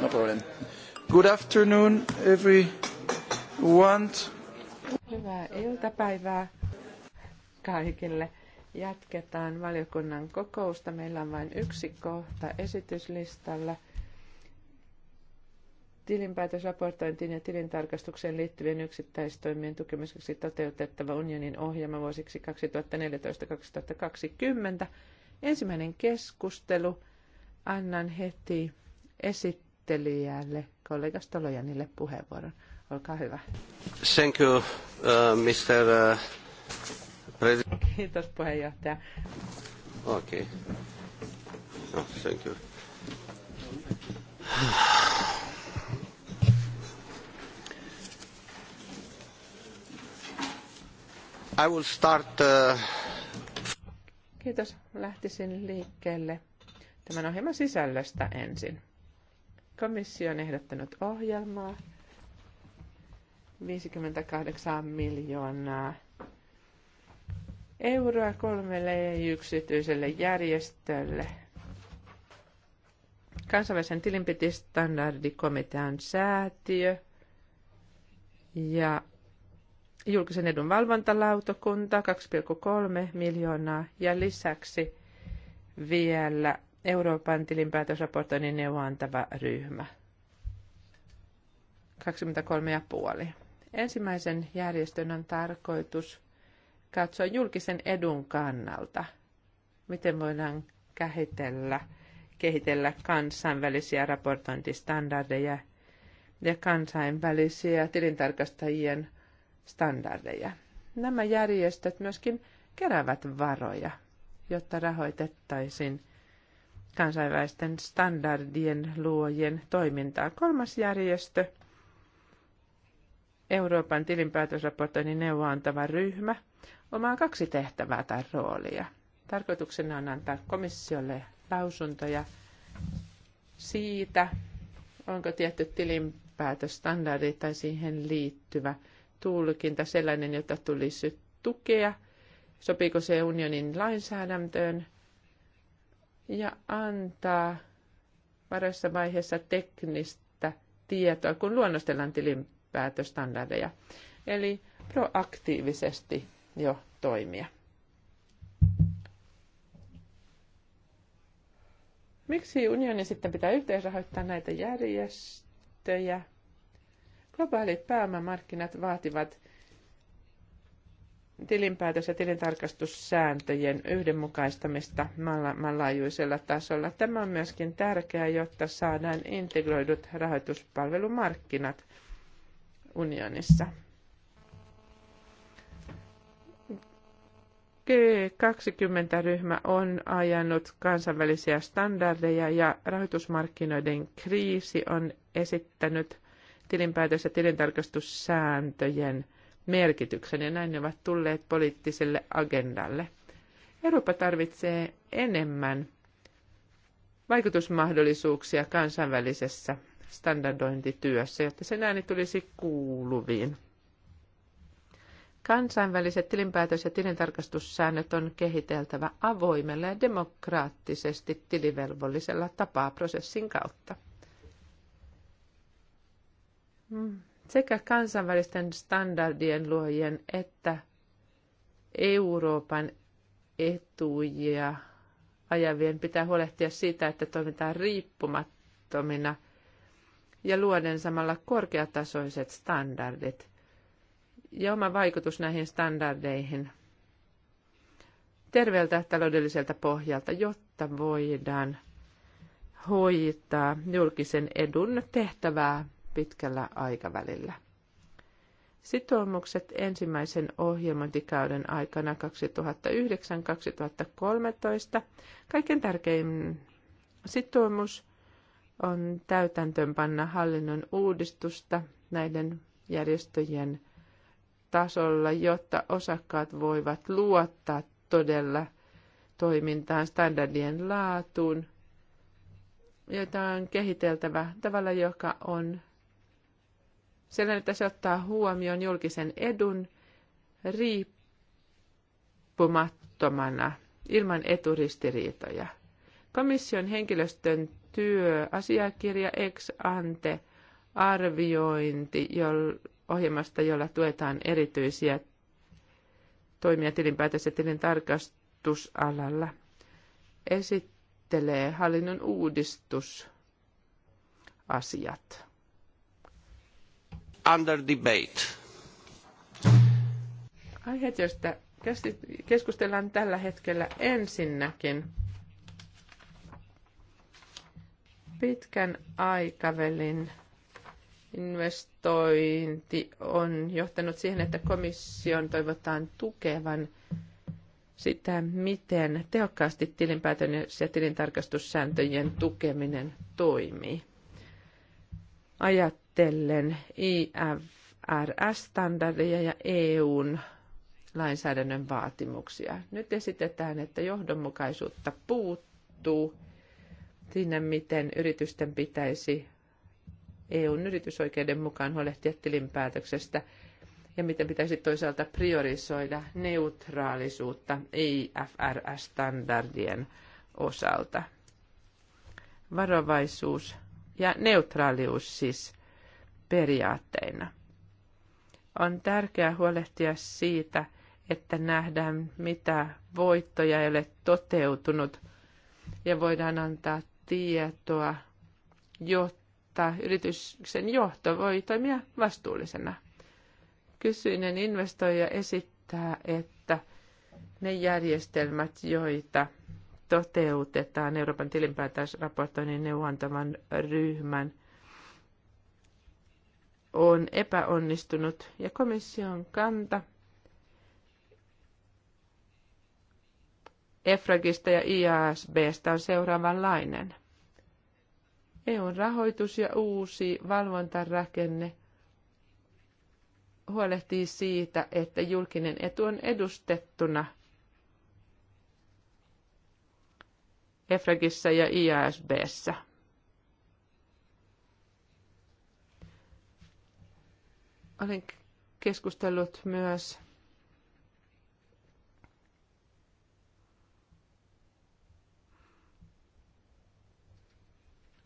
No problem. Good afternoon, everyone. Hyvää iltapäivää kaikille. Jatketaan valiokunnan kokousta. Meillä on vain yksi kohta esityslistalla. Tilinpäätösraportointiin ja tilintarkastukseen liittyvien yksittäistoimien tukemiseksi toteutettava unionin ohjelma vuosiksi 2014-2020. Ensimmäinen keskustelu. Annan heti esittää esittelijälle, kollega Stolojanille puheenvuoron. Olkaa hyvä. Thank you, uh, Mr. Uh, president. Kiitos puheenjohtaja. Okei. Okay. No, thank you. I will start, uh... Kiitos. Lähtisin liikkeelle tämän ohjelman sisällöstä ensin. Komissio on ehdottanut ohjelmaa 58 miljoonaa euroa kolmelle yksityiselle järjestölle. Kansainvälisen tilinpitistandardikomitean säätiö ja julkisen edun valvontalautakunta 2,3 miljoonaa ja lisäksi vielä Euroopan tilinpäätösraportoinnin neuvoantava ryhmä. 23,5. Ensimmäisen järjestön on tarkoitus katsoa julkisen edun kannalta, miten voidaan kehitellä, kehitellä kansainvälisiä raportointistandardeja ja kansainvälisiä tilintarkastajien standardeja. Nämä järjestöt myöskin keräävät varoja, jotta rahoitettaisiin – kansainvälisten standardien luojien toimintaa. Kolmas järjestö, Euroopan tilinpäätösraportoinnin neuvoantava ryhmä, omaa kaksi tehtävää tai roolia. Tarkoituksena on antaa komissiolle lausuntoja siitä, onko tietty tilinpäätösstandardi tai siihen liittyvä tulkinta sellainen, jota tulisi tukea, sopiiko se unionin lainsäädäntöön – ja antaa varassa vaiheessa teknistä tietoa, kun luonnostellaan tilinpäätöstandardeja. Eli proaktiivisesti jo toimia. Miksi unioni sitten pitää yhteisrahoittaa näitä järjestöjä? Globaalit pääomamarkkinat vaativat tilinpäätös- ja tilintarkastussääntöjen yhdenmukaistamista maailmanlaajuisella tasolla. Tämä on myöskin tärkeää, jotta saadaan integroidut rahoituspalvelumarkkinat unionissa. G20-ryhmä on ajanut kansainvälisiä standardeja ja rahoitusmarkkinoiden kriisi on esittänyt tilinpäätös- ja tilintarkastussääntöjen – merkityksen ja näin ne ovat tulleet poliittiselle agendalle. Eurooppa tarvitsee enemmän vaikutusmahdollisuuksia kansainvälisessä standardointityössä, jotta sen ääni tulisi kuuluviin. Kansainväliset tilinpäätös- ja tilintarkastussäännöt on kehiteltävä avoimella ja demokraattisesti tilivelvollisella tapaa prosessin kautta. Mm sekä kansainvälisten standardien luojien että Euroopan etuja ajavien pitää huolehtia siitä, että toimitaan riippumattomina ja luoden samalla korkeatasoiset standardit ja oma vaikutus näihin standardeihin terveeltä taloudelliselta pohjalta, jotta voidaan hoitaa julkisen edun tehtävää pitkällä aikavälillä. Sitoumukset ensimmäisen ohjelmointikauden aikana 2009-2013. Kaiken tärkein sitoumus on täytäntöönpanna hallinnon uudistusta näiden järjestöjen tasolla, jotta osakkaat voivat luottaa todella toimintaan, standardien laatuun, joita on kehiteltävä tavalla, joka on sillä että se ottaa huomioon julkisen edun riippumattomana ilman eturistiriitoja. Komission henkilöstön työasiakirja ex ante arviointi ohjelmasta, jolla tuetaan erityisiä toimia tilinpäätös- ja tilintarkastusalalla, esittelee hallinnon uudistusasiat under debate. Aiheet, joista keskustellaan tällä hetkellä ensinnäkin. Pitkän aikavälin investointi on johtanut siihen, että komission toivotaan tukevan sitä, miten tehokkaasti tilinpäätön ja tilintarkastussääntöjen tukeminen toimii. Ajat vähitellen IFRS-standardeja ja EUn lainsäädännön vaatimuksia. Nyt esitetään, että johdonmukaisuutta puuttuu siinä, miten yritysten pitäisi EUn yritysoikeuden mukaan huolehtia tilinpäätöksestä ja miten pitäisi toisaalta priorisoida neutraalisuutta IFRS-standardien osalta. Varovaisuus ja neutraalius siis periaatteina. On tärkeää huolehtia siitä, että nähdään, mitä voittoja ei ole toteutunut, ja voidaan antaa tietoa, jotta yrityksen johto voi toimia vastuullisena. Kysyinen investoija esittää, että ne järjestelmät, joita toteutetaan Euroopan tilinpäätösraportoinnin neuvontavan ryhmän on epäonnistunut ja komission kanta EFRAGista ja IASBstä on seuraavanlainen. EUn rahoitus ja uusi valvontarakenne huolehtii siitä, että julkinen etu on edustettuna EFRAGissa ja IASBssä. Olen keskustellut myös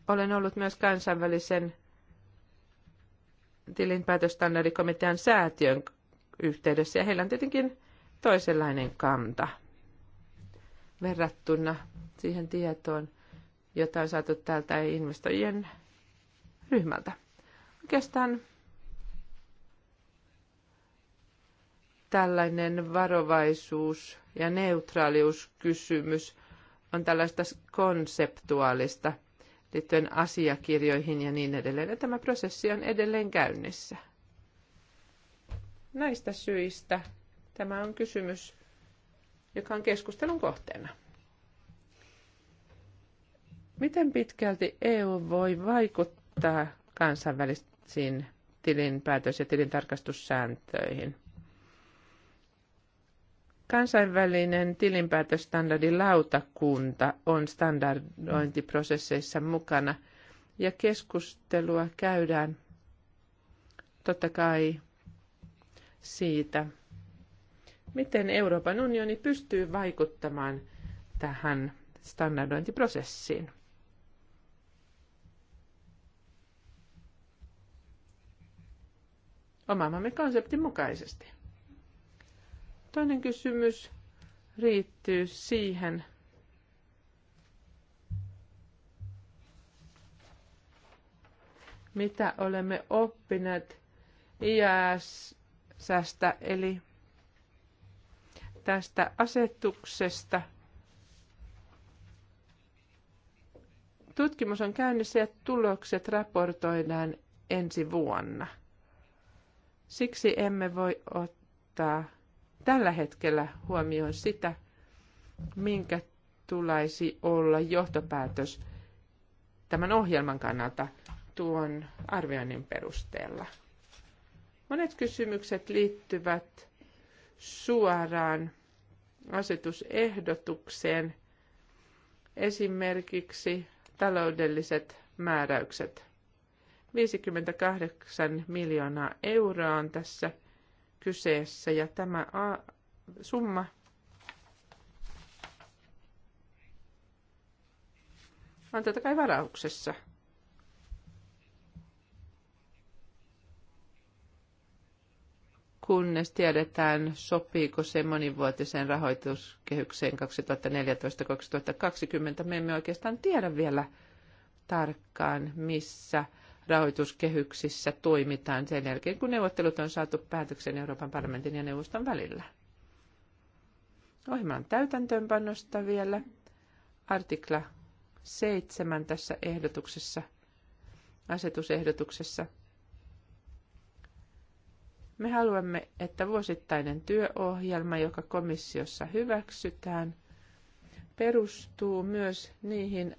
olen ollut myös kansainvälisen tilinpäätöstandardikomitean säätiön yhteydessä, ja heillä on tietenkin toisenlainen kanta verrattuna siihen tietoon, jota on saatu täältä investoijien ryhmältä. Oikeastaan tällainen varovaisuus ja neutraaliuskysymys on tällaista konseptuaalista liittyen asiakirjoihin ja niin edelleen. Ja tämä prosessi on edelleen käynnissä. Näistä syistä tämä on kysymys, joka on keskustelun kohteena. Miten pitkälti EU voi vaikuttaa kansainvälisiin tilinpäätös- ja tilintarkastussääntöihin – Kansainvälinen tilinpäätöstandardilautakunta on standardointiprosesseissa mukana ja keskustelua käydään totta kai siitä, miten Euroopan unioni pystyy vaikuttamaan tähän standardointiprosessiin. Omaamamme konseptin mukaisesti. Toinen kysymys riittyy siihen, mitä olemme oppineet iässästä, eli tästä asetuksesta. Tutkimus on käynnissä ja tulokset raportoidaan ensi vuonna. Siksi emme voi ottaa tällä hetkellä huomioon sitä, minkä tulaisi olla johtopäätös tämän ohjelman kannalta tuon arvioinnin perusteella. Monet kysymykset liittyvät suoraan asetusehdotukseen, esimerkiksi taloudelliset määräykset. 58 miljoonaa euroa on tässä – kyseessä ja tämä summa on totta kai varauksessa. kunnes tiedetään, sopiiko se monivuotiseen rahoituskehykseen 2014-2020. Me emme oikeastaan tiedä vielä tarkkaan, missä rahoituskehyksissä toimitaan sen jälkeen, kun neuvottelut on saatu päätöksen Euroopan parlamentin ja neuvoston välillä. Ohjelman täytäntöönpanosta vielä. Artikla 7 tässä ehdotuksessa, asetusehdotuksessa. Me haluamme, että vuosittainen työohjelma, joka komissiossa hyväksytään, perustuu myös niihin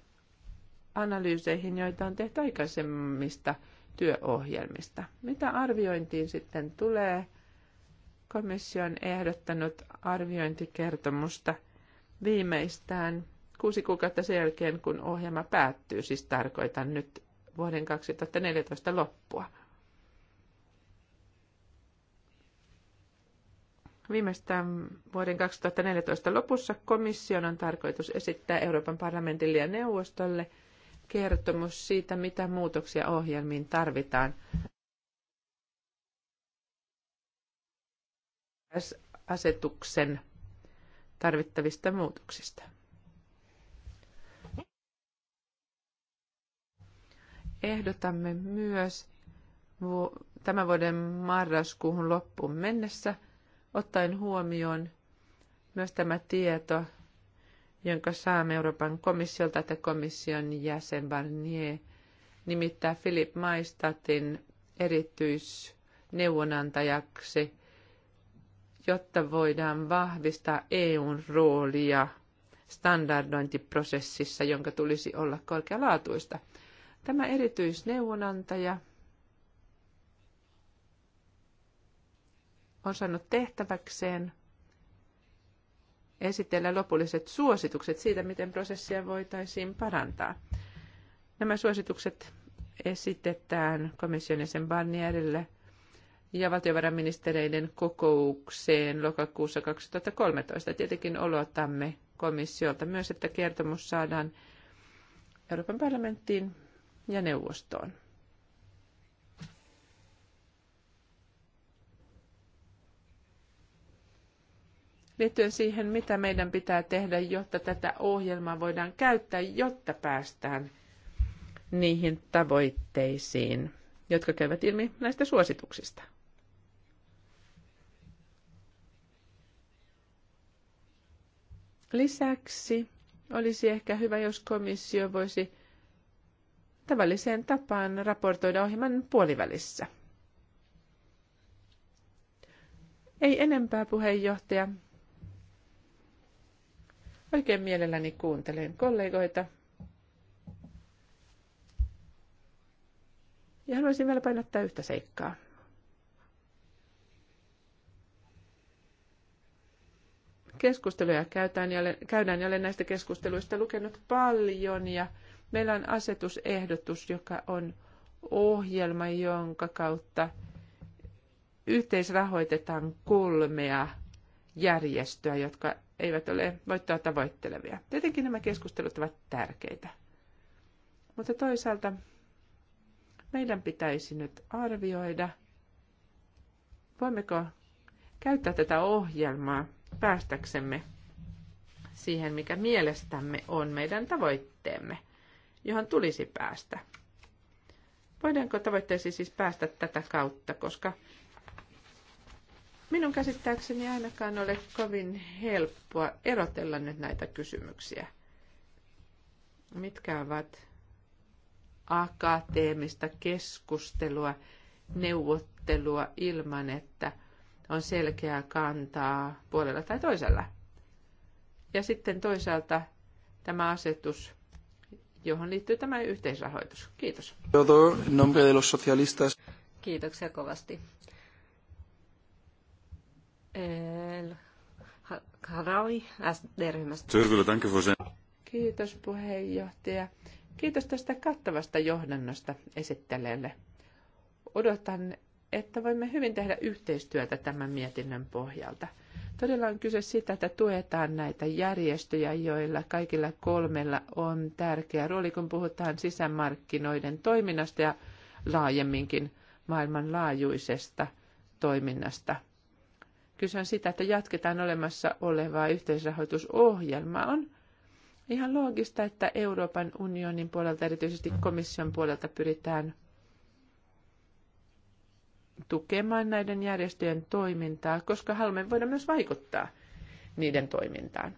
analyyseihin, joita on tehty aikaisemmista työohjelmista. Mitä arviointiin sitten tulee? Komissio on ehdottanut arviointikertomusta viimeistään kuusi kuukautta sen jälkeen, kun ohjelma päättyy, siis tarkoitan nyt vuoden 2014 loppua. Viimeistään vuoden 2014 lopussa komission on tarkoitus esittää Euroopan parlamentille ja neuvostolle – kertomus siitä, mitä muutoksia ohjelmiin tarvitaan. asetuksen tarvittavista muutoksista. Ehdotamme myös tämän vuoden marraskuuhun loppuun mennessä, ottaen huomioon myös tämä tieto jonka saamme Euroopan komissiolta, että komission jäsen Barnier nimittää Philip Maistatin erityisneuvonantajaksi, jotta voidaan vahvistaa EUn roolia standardointiprosessissa, jonka tulisi olla korkealaatuista. Tämä erityisneuvonantaja on saanut tehtäväkseen esitellä lopulliset suositukset siitä, miten prosessia voitaisiin parantaa. Nämä suositukset esitetään komission jäsen Barnierille ja valtiovarainministereiden kokoukseen lokakuussa 2013. Tietenkin olotamme komissiolta myös, että kertomus saadaan Euroopan parlamenttiin ja neuvostoon. liittyen siihen, mitä meidän pitää tehdä, jotta tätä ohjelmaa voidaan käyttää, jotta päästään niihin tavoitteisiin, jotka käyvät ilmi näistä suosituksista. Lisäksi olisi ehkä hyvä, jos komissio voisi tavalliseen tapaan raportoida ohjelman puolivälissä. Ei enempää puheenjohtaja. Oikein mielelläni kuuntelen kollegoita. Ja haluaisin vielä painottaa yhtä seikkaa. Keskusteluja käydään ja, olen, käydään ja olen näistä keskusteluista lukenut paljon ja meillä on asetusehdotus, joka on ohjelma, jonka kautta yhteisrahoitetaan kolmea järjestöä, jotka eivät ole voittoa tavoittelevia. Tietenkin nämä keskustelut ovat tärkeitä. Mutta toisaalta meidän pitäisi nyt arvioida, voimmeko käyttää tätä ohjelmaa päästäksemme siihen, mikä mielestämme on meidän tavoitteemme, johon tulisi päästä. Voidaanko tavoitteisiin siis päästä tätä kautta, koska Minun käsittääkseni ainakaan ole kovin helppoa erotella nyt näitä kysymyksiä. Mitkä ovat akateemista keskustelua, neuvottelua ilman, että on selkeää kantaa puolella tai toisella. Ja sitten toisaalta tämä asetus, johon liittyy tämä yhteisrahoitus. Kiitos. Kiitoksia kovasti. Harawi SD-ryhmästä. Kiitos puheenjohtaja. Kiitos tästä kattavasta johdannosta esittelijälle. Odotan, että voimme hyvin tehdä yhteistyötä tämän mietinnön pohjalta. Todella on kyse siitä, että tuetaan näitä järjestöjä, joilla kaikilla kolmella on tärkeä rooli, kun puhutaan sisämarkkinoiden toiminnasta ja laajemminkin maailmanlaajuisesta toiminnasta kyse on sitä, että jatketaan olemassa olevaa yhteisrahoitusohjelmaa. On ihan loogista, että Euroopan unionin puolelta, erityisesti komission puolelta, pyritään tukemaan näiden järjestöjen toimintaa, koska haluamme voida myös vaikuttaa niiden toimintaan.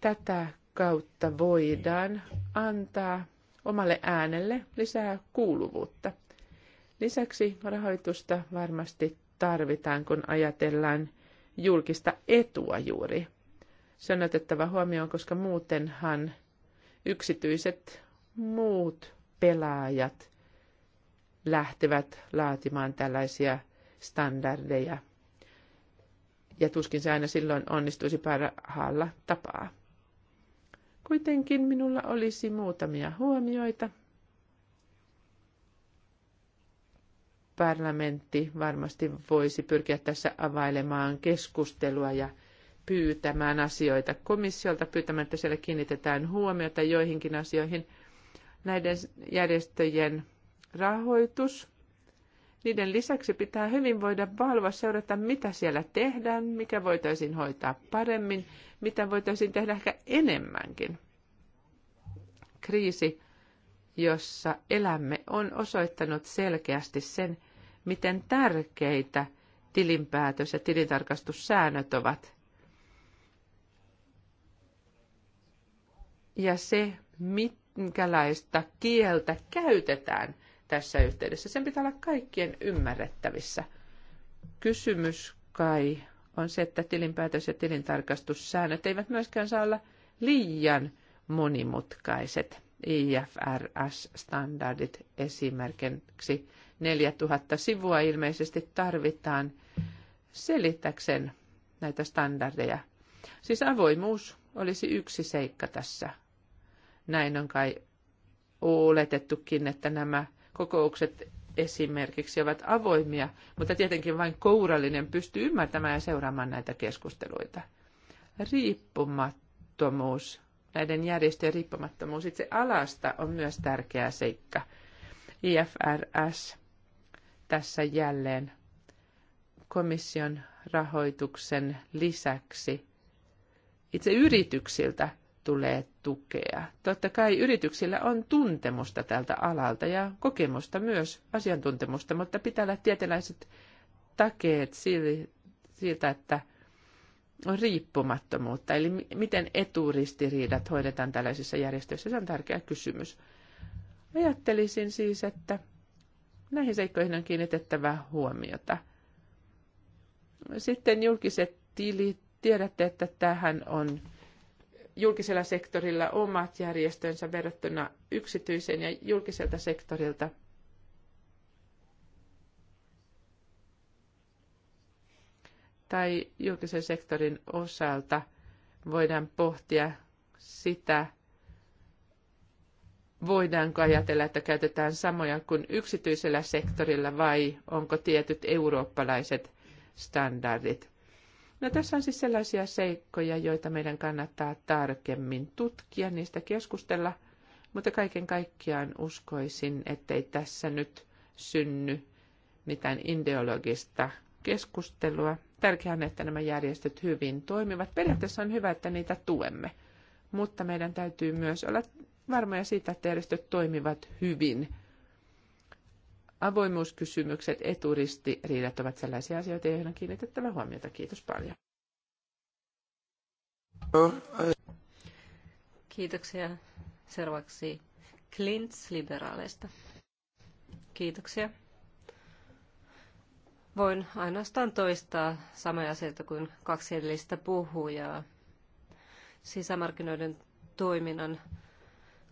Tätä kautta voidaan antaa omalle äänelle lisää kuuluvuutta. Lisäksi rahoitusta varmasti tarvitaan, kun ajatellaan julkista etua juuri. Se on otettava huomioon, koska muutenhan yksityiset muut pelaajat lähtevät laatimaan tällaisia standardeja. Ja tuskin se aina silloin onnistuisi parhaalla tapaa. Kuitenkin minulla olisi muutamia huomioita parlamentti varmasti voisi pyrkiä tässä availemaan keskustelua ja pyytämään asioita komissiolta, pyytämään, että siellä kiinnitetään huomiota joihinkin asioihin. Näiden järjestöjen rahoitus. Niiden lisäksi pitää hyvin voida valvoa, seurata, mitä siellä tehdään, mikä voitaisiin hoitaa paremmin, mitä voitaisiin tehdä ehkä enemmänkin. Kriisi, jossa elämme, on osoittanut selkeästi sen, miten tärkeitä tilinpäätös- ja tilintarkastussäännöt ovat. Ja se, minkälaista kieltä käytetään tässä yhteydessä, sen pitää olla kaikkien ymmärrettävissä. Kysymys kai on se, että tilinpäätös- ja tilintarkastussäännöt eivät myöskään saa olla liian monimutkaiset. IFRS-standardit esimerkiksi 4000 sivua ilmeisesti tarvitaan selittäkseen näitä standardeja. Siis avoimuus olisi yksi seikka tässä. Näin on kai oletettukin, että nämä kokoukset esimerkiksi ovat avoimia, mutta tietenkin vain kourallinen pystyy ymmärtämään ja seuraamaan näitä keskusteluita. Riippumattomuus, näiden järjestöjen riippumattomuus itse alasta on myös tärkeä seikka. IFRS tässä jälleen komission rahoituksen lisäksi itse yrityksiltä tulee tukea. Totta kai yrityksillä on tuntemusta tältä alalta ja kokemusta myös, asiantuntemusta, mutta pitää olla tietynlaiset takeet siitä, että on riippumattomuutta. Eli miten eturistiriidat hoidetaan tällaisissa järjestöissä, se on tärkeä kysymys. Ajattelisin siis, että Näihin seikkoihin on kiinnitettävä huomiota. Sitten julkiset tilit. Tiedätte, että tähän on julkisella sektorilla omat järjestönsä verrattuna yksityisen ja julkiselta sektorilta. Tai julkisen sektorin osalta voidaan pohtia sitä, voidaanko ajatella, että käytetään samoja kuin yksityisellä sektorilla vai onko tietyt eurooppalaiset standardit? No tässä on siis sellaisia seikkoja, joita meidän kannattaa tarkemmin tutkia, niistä keskustella, mutta kaiken kaikkiaan uskoisin, ettei tässä nyt synny mitään ideologista keskustelua. Tärkeää on, että nämä järjestöt hyvin toimivat. Periaatteessa on hyvä, että niitä tuemme, mutta meidän täytyy myös olla varmoja siitä, että järjestöt toimivat hyvin. Avoimuuskysymykset, eturistiriidat ovat sellaisia asioita, joihin on kiinnitettävä huomiota. Kiitos paljon. Kiitoksia. Seuraavaksi Klints liberaaleista. Kiitoksia. Voin ainoastaan toistaa samoja asioita kuin kaksi edellistä puhujaa. Sisämarkkinoiden toiminnan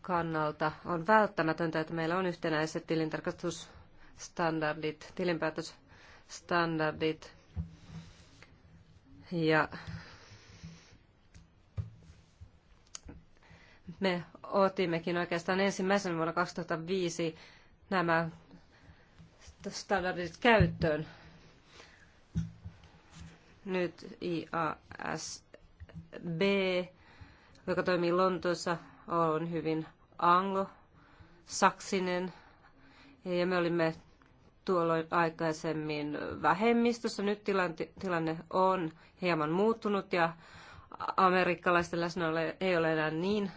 kannalta on välttämätöntä, että meillä on yhtenäiset tilintarkastusstandardit, tilinpäätösstandardit ja me otimmekin oikeastaan ensimmäisen vuonna 2005 nämä standardit käyttöön. Nyt IASB, joka toimii Lontoossa, on hyvin anglosaksinen ja me olimme tuolloin aikaisemmin vähemmistössä. Nyt tilanne on hieman muuttunut ja amerikkalaisten läsnäolo ei ole enää niin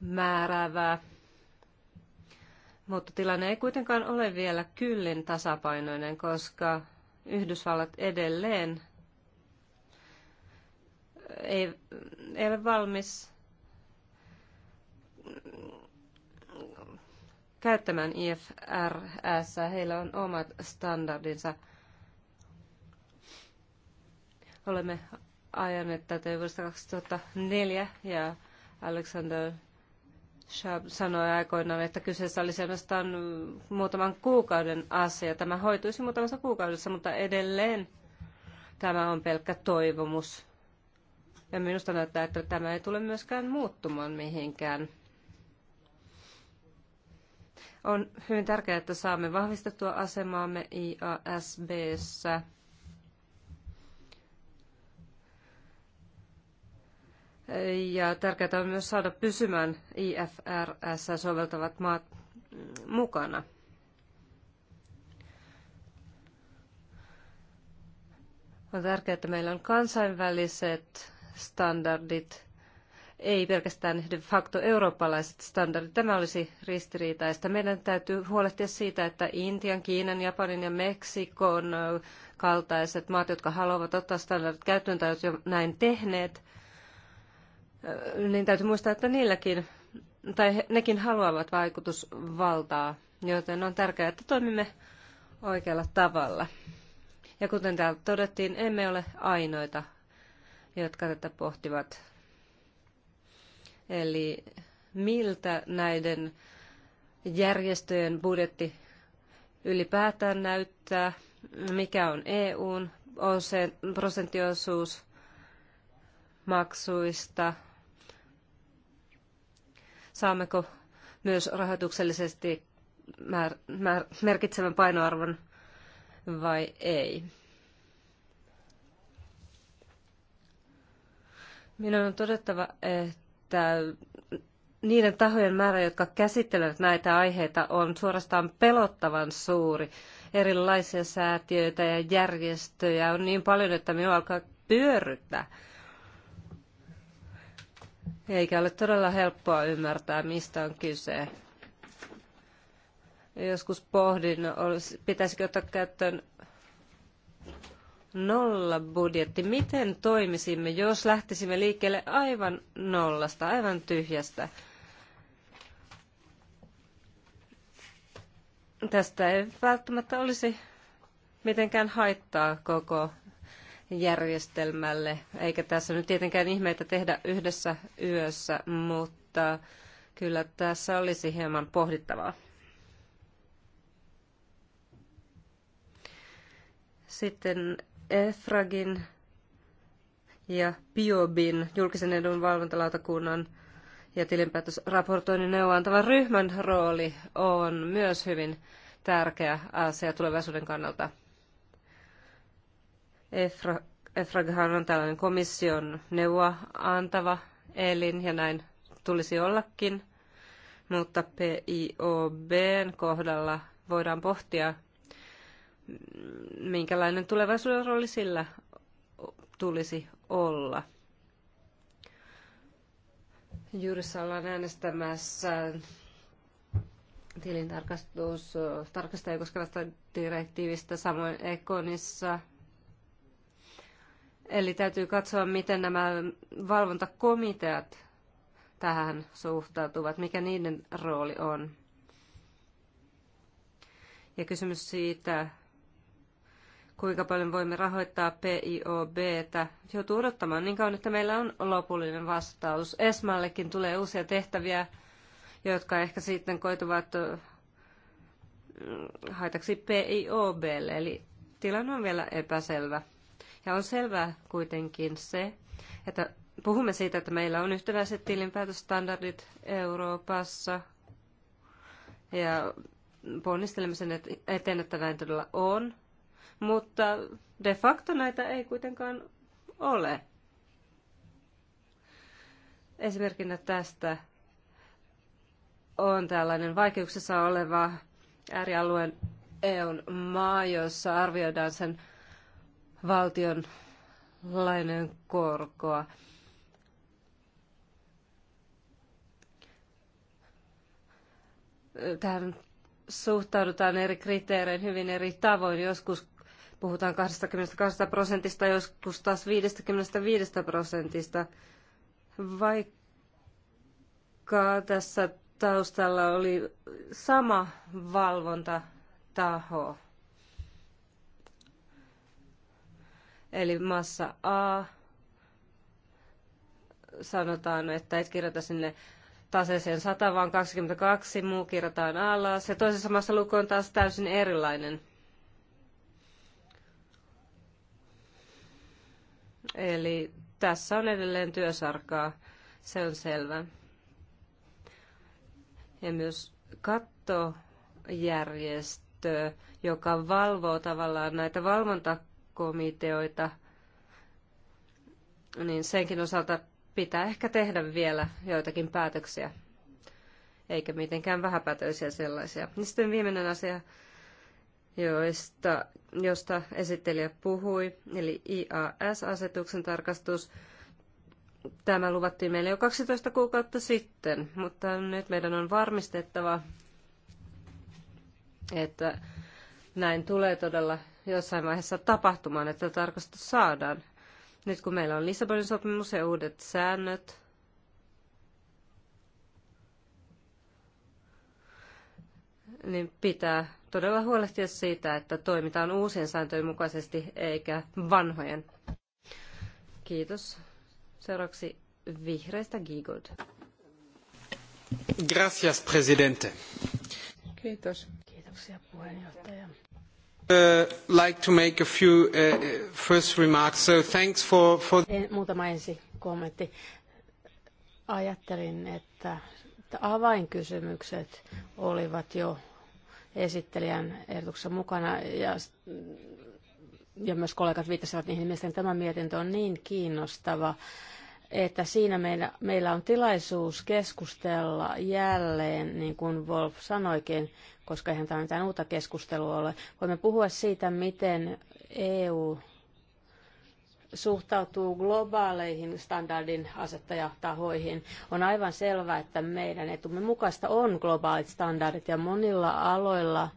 määräävää. Mutta tilanne ei kuitenkaan ole vielä kyllin tasapainoinen, koska Yhdysvallat edelleen ei, ei ole valmis käyttämään IFRS. Heillä on omat standardinsa. Olemme ajaneet tätä jo vuodesta 2004 ja Alexander Schaub sanoi aikoinaan, että kyseessä oli ainoastaan muutaman kuukauden asia. Tämä hoituisi muutamassa kuukaudessa, mutta edelleen tämä on pelkkä toivomus. Ja minusta näyttää, että tämä ei tule myöskään muuttumaan mihinkään. On hyvin tärkeää, että saamme vahvistettua asemaamme IASBssä. Ja tärkeää on myös saada pysymään IFRS soveltavat maat mukana. On tärkeää, että meillä on kansainväliset standardit ei pelkästään de facto eurooppalaiset standardit. Tämä olisi ristiriitaista. Meidän täytyy huolehtia siitä, että Intian, Kiinan, Japanin ja Meksikon kaltaiset maat, jotka haluavat ottaa standardit käyttöön tai jo näin tehneet, niin täytyy muistaa, että niilläkin, tai nekin haluavat vaikutusvaltaa, joten on tärkeää, että toimimme oikealla tavalla. Ja kuten täällä todettiin, emme ole ainoita, jotka tätä pohtivat. Eli miltä näiden järjestöjen budjetti ylipäätään näyttää, mikä on EUn prosenttiosuus maksuista, saammeko myös rahoituksellisesti merkitsevän painoarvon vai ei. Minun on todettava, että että niiden tahojen määrä, jotka käsittelevät näitä aiheita, on suorastaan pelottavan suuri. Erilaisia säätiöitä ja järjestöjä on niin paljon, että minua alkaa pyörryttää. Eikä ole todella helppoa ymmärtää, mistä on kyse. Joskus pohdin, pitäisikö ottaa käyttöön nolla budjetti. Miten toimisimme, jos lähtisimme liikkeelle aivan nollasta, aivan tyhjästä? Tästä ei välttämättä olisi mitenkään haittaa koko järjestelmälle, eikä tässä nyt tietenkään ihmeitä tehdä yhdessä yössä, mutta kyllä tässä olisi hieman pohdittavaa. Sitten EFRAGin ja BIOBin julkisen edun valvontalautakunnan ja tilinpäätösraportoinnin neuvontavan ryhmän rooli on myös hyvin tärkeä asia tulevaisuuden kannalta. EFRA, EFRAGhan on tällainen komission neuvoa antava elin ja näin tulisi ollakin, mutta PIOBn kohdalla voidaan pohtia, minkälainen tulevaisuuden rooli sillä tulisi olla. Juurissa ollaan äänestämässä tilintarkastus, tarkastajia koskevasta direktiivistä, samoin Ekonissa. Eli täytyy katsoa, miten nämä valvontakomiteat tähän suhtautuvat, mikä niiden rooli on. Ja kysymys siitä, kuinka paljon voimme rahoittaa PIOBtä, joutuu odottamaan niin kauan, että meillä on lopullinen vastaus. Esmallekin tulee uusia tehtäviä, jotka ehkä sitten koituvat haitaksi PIOBlle, eli tilanne on vielä epäselvä. Ja on selvää kuitenkin se, että puhumme siitä, että meillä on yhtenäiset tilinpäätöstandardit Euroopassa ja ponnistelemme sen eteen, että näin todella on mutta de facto näitä ei kuitenkaan ole. Esimerkkinä tästä on tällainen vaikeuksessa oleva äärialueen EUn maa, jossa arvioidaan sen valtion lainojen korkoa. Tähän suhtaudutaan eri kriteerein hyvin eri tavoin. Joskus Puhutaan 22 prosentista, joskus taas 55 prosentista. Vaikka tässä taustalla oli sama valvontataho. Eli massa A sanotaan, että et kirjoita sinne taseeseen 100, vaan 22, muu kirjataan alas. Ja toisessa maassa luku on taas täysin erilainen. Eli tässä on edelleen työsarkaa, se on selvä. Ja myös kattojärjestö, joka valvoo tavallaan näitä valvontakomiteoita, niin senkin osalta pitää ehkä tehdä vielä joitakin päätöksiä, eikä mitenkään vähäpätöisiä sellaisia. Ja niin sitten viimeinen asia, joista, josta esittelijä puhui, eli IAS-asetuksen tarkastus. Tämä luvattiin meille jo 12 kuukautta sitten, mutta nyt meidän on varmistettava, että näin tulee todella jossain vaiheessa tapahtumaan, että tarkastus saadaan. Nyt kun meillä on Lissabonin sopimus ja uudet säännöt, niin pitää todella huolehtia siitä, että toimitaan uusien sääntöjen mukaisesti eikä vanhojen. Kiitos. Seuraavaksi vihreistä Giegold. Gracias, presidente. Kiitos. Kiitoksia, puheenjohtaja. Uh, like to make a few uh, first remarks. So thanks for, for... Eh, muutama ensi kommentti. Ajattelin, että avainkysymykset olivat jo esittelijän ehdotuksessa mukana ja, ja myös kollegat viittasivat niihin, mielestäni tämä mietintö on niin kiinnostava, että siinä meillä, meillä on tilaisuus keskustella jälleen, niin kuin Wolf sanoikin, koska eihän tämä mitään uutta keskustelua ole. Voimme puhua siitä, miten EU suhtautuu globaaleihin standardin asettajatahoihin. On aivan selvää, että meidän etumme mukaista on globaalit standardit ja monilla aloilla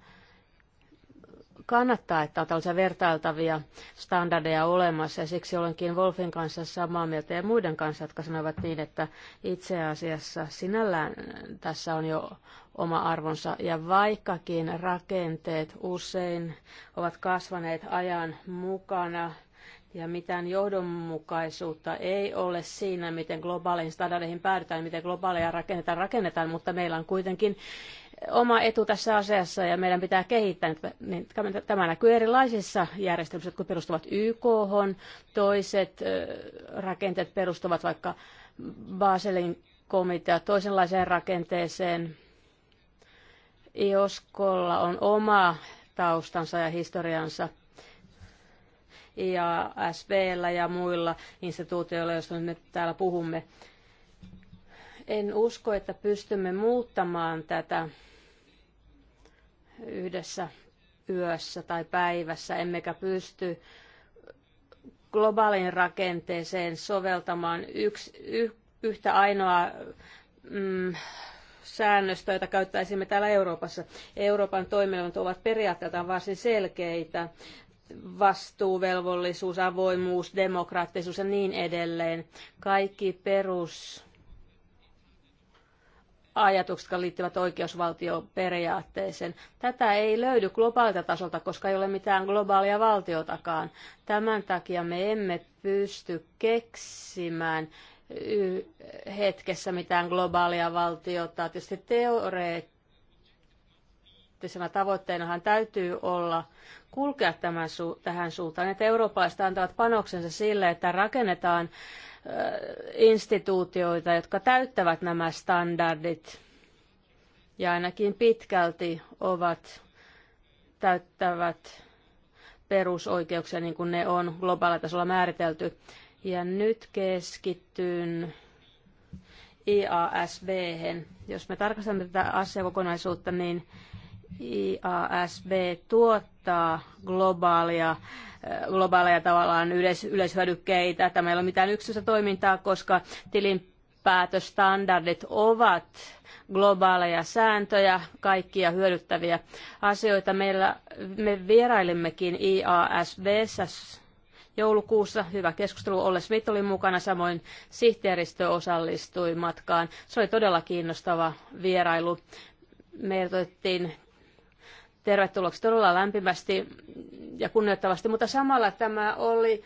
kannattaa, että on tällaisia vertailtavia standardeja olemassa ja siksi olenkin Wolfin kanssa samaa mieltä ja muiden kanssa, jotka sanovat niin, että itse asiassa sinällään tässä on jo oma arvonsa ja vaikkakin rakenteet usein ovat kasvaneet ajan mukana – ja mitään johdonmukaisuutta ei ole siinä, miten globaaleihin standardeihin päädytään, miten globaaleja rakennetaan, rakennetaan, mutta meillä on kuitenkin oma etu tässä asiassa ja meidän pitää kehittää. Niin tämä näkyy erilaisissa järjestelmissä, jotka perustuvat YK, toiset rakenteet perustuvat vaikka Baselin komitea toisenlaiseen rakenteeseen. IOSKolla on oma taustansa ja historiansa ja SVllä ja muilla instituutioilla, joista me täällä puhumme. En usko, että pystymme muuttamaan tätä yhdessä yössä tai päivässä, emmekä pysty globaalin rakenteeseen soveltamaan yksi, y, yhtä ainoa mm, säännöstä, jota käyttäisimme täällä Euroopassa. Euroopan toiminnot ovat periaatteeltaan varsin selkeitä vastuuvelvollisuus, avoimuus, demokraattisuus ja niin edelleen. Kaikki perus ajatukset, jotka liittyvät oikeusvaltioperiaatteeseen. Tätä ei löydy globaalilta tasolta, koska ei ole mitään globaalia valtiotakaan. Tämän takia me emme pysty keksimään hetkessä mitään globaalia valtiota. Tietysti teoreet, poliittisena tavoitteenahan täytyy olla kulkea tämän su- tähän suuntaan, että eurooppalaiset antavat panoksensa sille, että rakennetaan instituutioita, jotka täyttävät nämä standardit ja ainakin pitkälti ovat täyttävät perusoikeuksia niin kuin ne on globaalilla tasolla määritelty. Ja nyt keskityn IASB. -hen. Jos me tarkastamme tätä asiakokonaisuutta, niin IASB tuottaa globaalia, eh, globaaleja tavallaan yleis- yleishyödykkeitä. Tämä ei ole mitään yksityistä toimintaa, koska tilinpäätöstandardit ovat globaaleja sääntöjä, kaikkia hyödyttäviä asioita. Meillä, me vierailimmekin IASBssä joulukuussa. Hyvä keskustelu. Olle Smith oli mukana, samoin sihteeristö osallistui matkaan. Se oli todella kiinnostava vierailu. Me otettiin tervetulleeksi todella lämpimästi ja kunnioittavasti, mutta samalla tämä oli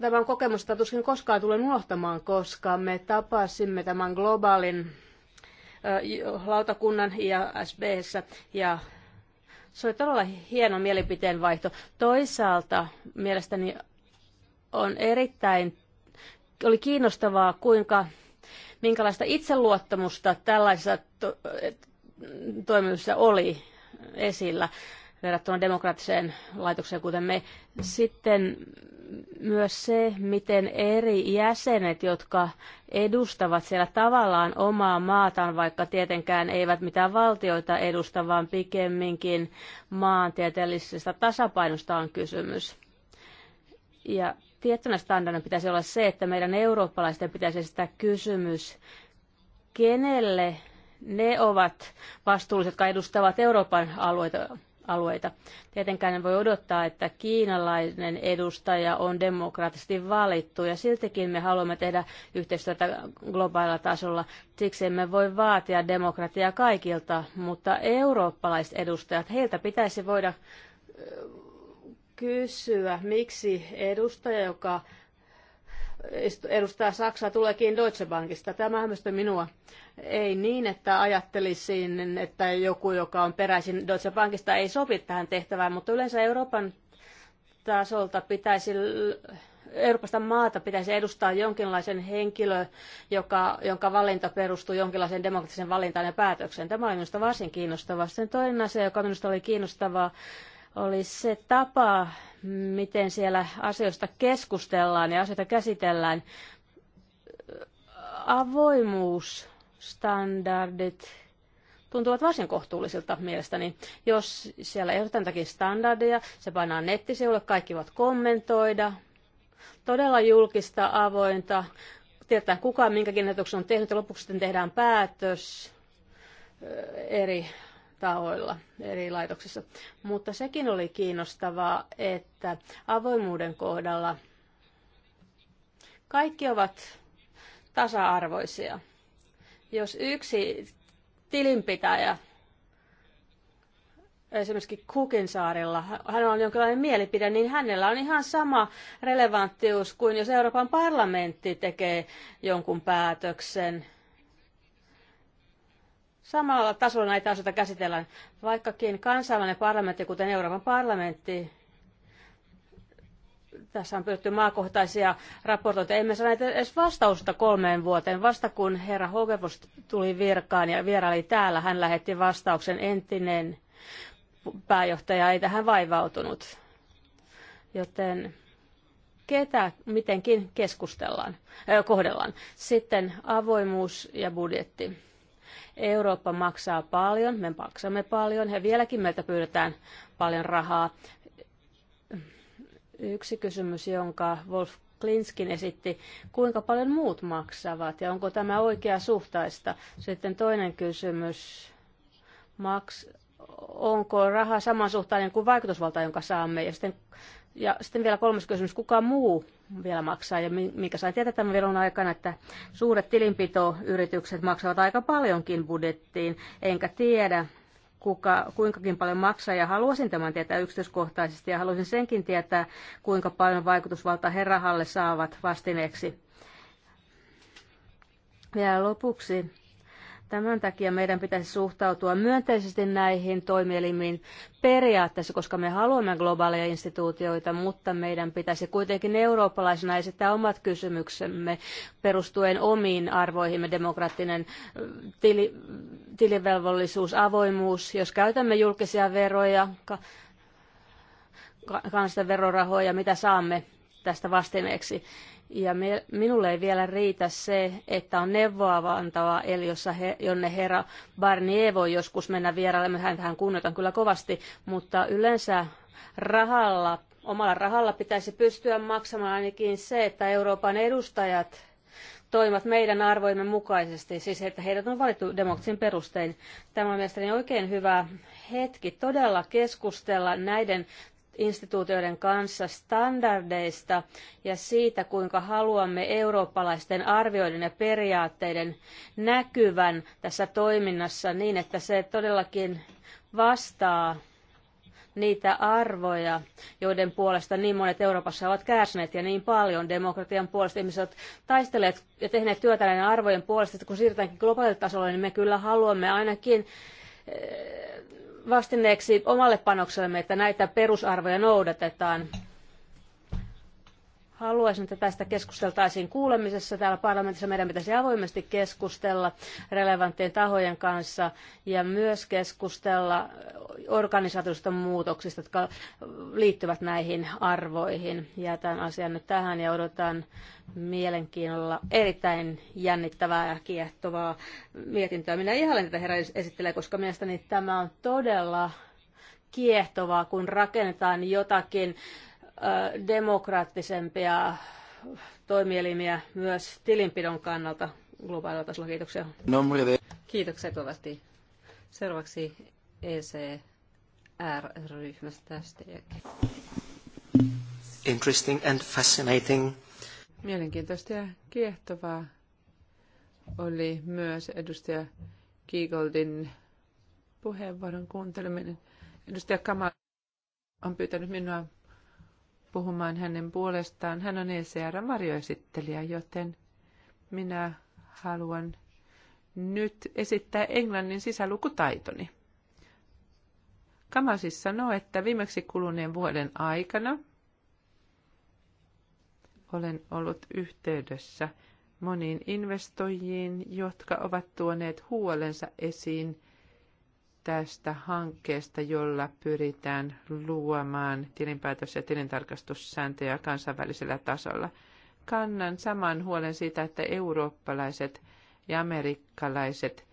tämän kokemusta tuskin koskaan tulen unohtamaan, koska me tapasimme tämän globaalin lautakunnan SBS ja se oli todella hieno mielipiteenvaihto. Toisaalta mielestäni on erittäin, oli kiinnostavaa, kuinka, minkälaista itseluottamusta tällaisessa to, toiminnassa oli esillä verrattuna demokraattiseen laitokseen, kuten me. Sitten myös se, miten eri jäsenet, jotka edustavat siellä tavallaan omaa maataan, vaikka tietenkään eivät mitään valtioita edusta, vaan pikemminkin maantieteellisestä tasapainosta on kysymys. Ja tiettynä standardina pitäisi olla se, että meidän eurooppalaisten pitäisi esittää kysymys, kenelle ne ovat vastuulliset, jotka edustavat Euroopan alueita. alueita. Tietenkään ne voi odottaa, että kiinalainen edustaja on demokraattisesti valittu ja siltikin me haluamme tehdä yhteistyötä globaalilla tasolla. Siksi emme voi vaatia demokratiaa kaikilta, mutta eurooppalaiset edustajat, heiltä pitäisi voida kysyä, miksi edustaja, joka edustaa Saksaa tuleekin Deutsche Bankista. Tämä hämmästyi minua. Ei niin, että ajattelisin, että joku, joka on peräisin Deutsche Bankista, ei sopi tähän tehtävään, mutta yleensä Euroopan tasolta pitäisi Euroopasta maata pitäisi edustaa jonkinlaisen henkilö, joka, jonka valinta perustuu jonkinlaiseen demokraattiseen valintaan ja päätökseen. Tämä oli minusta varsin kiinnostavaa. Sen toinen asia, joka minusta oli kiinnostavaa, oli se tapa, miten siellä asioista keskustellaan ja asioita käsitellään. Avoimuusstandardit tuntuvat varsin kohtuullisilta mielestäni. Jos siellä ei ole tämän standardeja, se pannaan nettisivulle, kaikki voivat kommentoida. Todella julkista, avointa, tietää kuka minkäkin näytöksen on tehnyt ja lopuksi sitten tehdään päätös eri tahoilla eri laitoksissa. Mutta sekin oli kiinnostavaa, että avoimuuden kohdalla kaikki ovat tasa-arvoisia. Jos yksi tilinpitäjä esimerkiksi Kukin saarilla, hänellä on jonkinlainen mielipide, niin hänellä on ihan sama relevanttius kuin jos Euroopan parlamentti tekee jonkun päätöksen – Samalla tasolla näitä asioita käsitellään, vaikkakin kansainvälinen parlamentti, kuten Euroopan parlamentti, tässä on pyydetty maakohtaisia raportointeja. Emme saaneet edes vastausta kolmeen vuoteen. Vasta kun herra Hogevos tuli virkaan ja vieraili täällä, hän lähetti vastauksen entinen pääjohtaja ei tähän vaivautunut. Joten ketä mitenkin keskustellaan, äh, kohdellaan. Sitten avoimuus ja budjetti Eurooppa maksaa paljon, me maksamme paljon ja vieläkin meiltä pyydetään paljon rahaa. Yksi kysymys, jonka Wolf Klinskin esitti, kuinka paljon muut maksavat ja onko tämä oikea suhtaista. Sitten toinen kysymys, maks, onko raha samansuhtainen kuin vaikutusvalta, jonka saamme. Ja sitten ja sitten vielä kolmas kysymys, kuka muu vielä maksaa ja minkä sain tietää tämän veron aikana, että suuret tilinpitoyritykset maksavat aika paljonkin budjettiin, enkä tiedä, kuka, kuinkakin paljon maksaa ja haluaisin tämän tietää yksityiskohtaisesti ja haluaisin senkin tietää, kuinka paljon vaikutusvalta herrahalle saavat vastineeksi. Vielä lopuksi Tämän takia meidän pitäisi suhtautua myönteisesti näihin toimielimiin periaatteessa, koska me haluamme globaaleja instituutioita, mutta meidän pitäisi kuitenkin eurooppalaisena esittää omat kysymyksemme perustuen omiin arvoihimme, demokraattinen tili, tilivelvollisuus, avoimuus. Jos käytämme julkisia veroja, ka, ka, kansan verorahoja, mitä saamme tästä vastineeksi. Ja me, minulle ei vielä riitä se, että on neuvoa antava eli jossa he, jonne herra Barnier voi joskus mennä vieraille. Häntä hän kunnioitan kyllä kovasti, mutta yleensä rahalla, omalla rahalla pitäisi pystyä maksamaan ainakin se, että Euroopan edustajat toimivat meidän arvoimme mukaisesti, siis että heidät on valittu demokratian perustein. Tämä on mielestäni oikein hyvä hetki todella keskustella näiden instituutioiden kanssa standardeista ja siitä, kuinka haluamme eurooppalaisten arvioiden ja periaatteiden näkyvän tässä toiminnassa niin, että se todellakin vastaa niitä arvoja, joiden puolesta niin monet Euroopassa ovat kärsineet ja niin paljon demokratian puolesta. Ihmiset ovat taistelleet ja tehneet työtä näiden arvojen puolesta, että kun siirrytäänkin globaalille tasolle, niin me kyllä haluamme ainakin eh, vastineeksi omalle panoksellemme, että näitä perusarvoja noudatetaan. Haluaisin, että tästä keskusteltaisiin kuulemisessa täällä parlamentissa. Meidän pitäisi avoimesti keskustella relevanttien tahojen kanssa ja myös keskustella organisaatioista muutoksista, jotka liittyvät näihin arvoihin. Jätän asian nyt tähän ja odotan mielenkiinnolla erittäin jännittävää ja kiehtovaa mietintöä. Minä ihailen tätä herra esittelee, koska mielestäni tämä on todella kiehtovaa, kun rakennetaan jotakin demokraattisempia toimielimiä myös tilinpidon kannalta globaalilla tasolla. Kiitoksia. No, Kiitoksia kovasti. Seuraavaksi ECR-ryhmästä. Interesting and fascinating. Mielenkiintoista ja kiehtovaa oli myös edustaja Kiegoldin puheenvuoron kuunteleminen. Edustaja Kama on pyytänyt minua puhumaan hänen puolestaan. Hän on ECR-varjoesittelijä, joten minä haluan nyt esittää englannin sisälukutaitoni. Kama sanoo, että viimeksi kuluneen vuoden aikana olen ollut yhteydessä moniin investoijiin, jotka ovat tuoneet huolensa esiin tästä hankkeesta, jolla pyritään luomaan tilinpäätös- ja tilintarkastussääntöjä kansainvälisellä tasolla. Kannan saman huolen siitä, että eurooppalaiset ja amerikkalaiset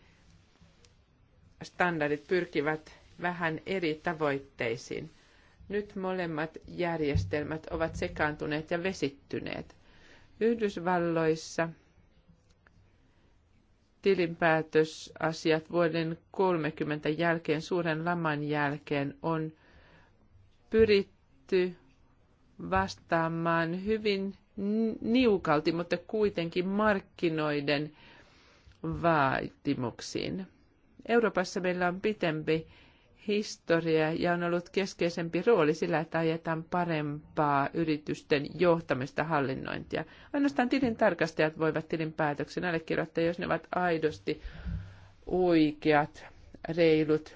standardit pyrkivät vähän eri tavoitteisiin. Nyt molemmat järjestelmät ovat sekaantuneet ja vesittyneet. Yhdysvalloissa – tilinpäätösasiat vuoden 30 jälkeen, suuren laman jälkeen, on pyritty vastaamaan hyvin niukalti, mutta kuitenkin markkinoiden vaatimuksiin. Euroopassa meillä on pitempi historia ja on ollut keskeisempi rooli sillä, että ajetaan parempaa yritysten johtamista hallinnointia. Ainoastaan tilintarkastajat voivat tilinpäätöksen allekirjoittaa, jos ne ovat aidosti oikeat, reilut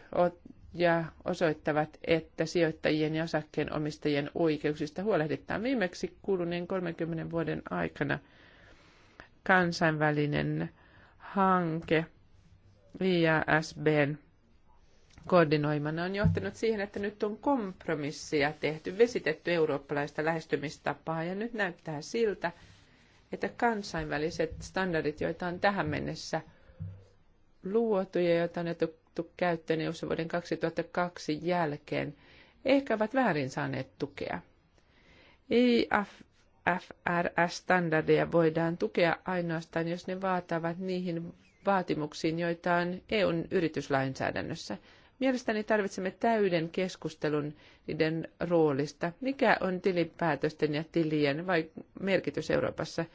ja osoittavat, että sijoittajien ja osakkeenomistajien oikeuksista huolehditaan. Viimeksi kuluneen 30 vuoden aikana kansainvälinen hanke IASBn koordinoimana on johtanut siihen, että nyt on kompromissia tehty, vesitetty eurooppalaista lähestymistapaa ja nyt näyttää siltä, että kansainväliset standardit, joita on tähän mennessä luotu ja joita on otettu käyttöön vuoden 2002 jälkeen, ehkä ovat väärin saaneet tukea. IFRS-standardeja voidaan tukea ainoastaan, jos ne vaatavat niihin vaatimuksiin, joita on EUn yrityslainsäädännössä – Mielestäni tarvitsemme täyden keskustelun niiden roolista. Mikä on tilinpäätösten ja tilien vai merkitys Euroopassa?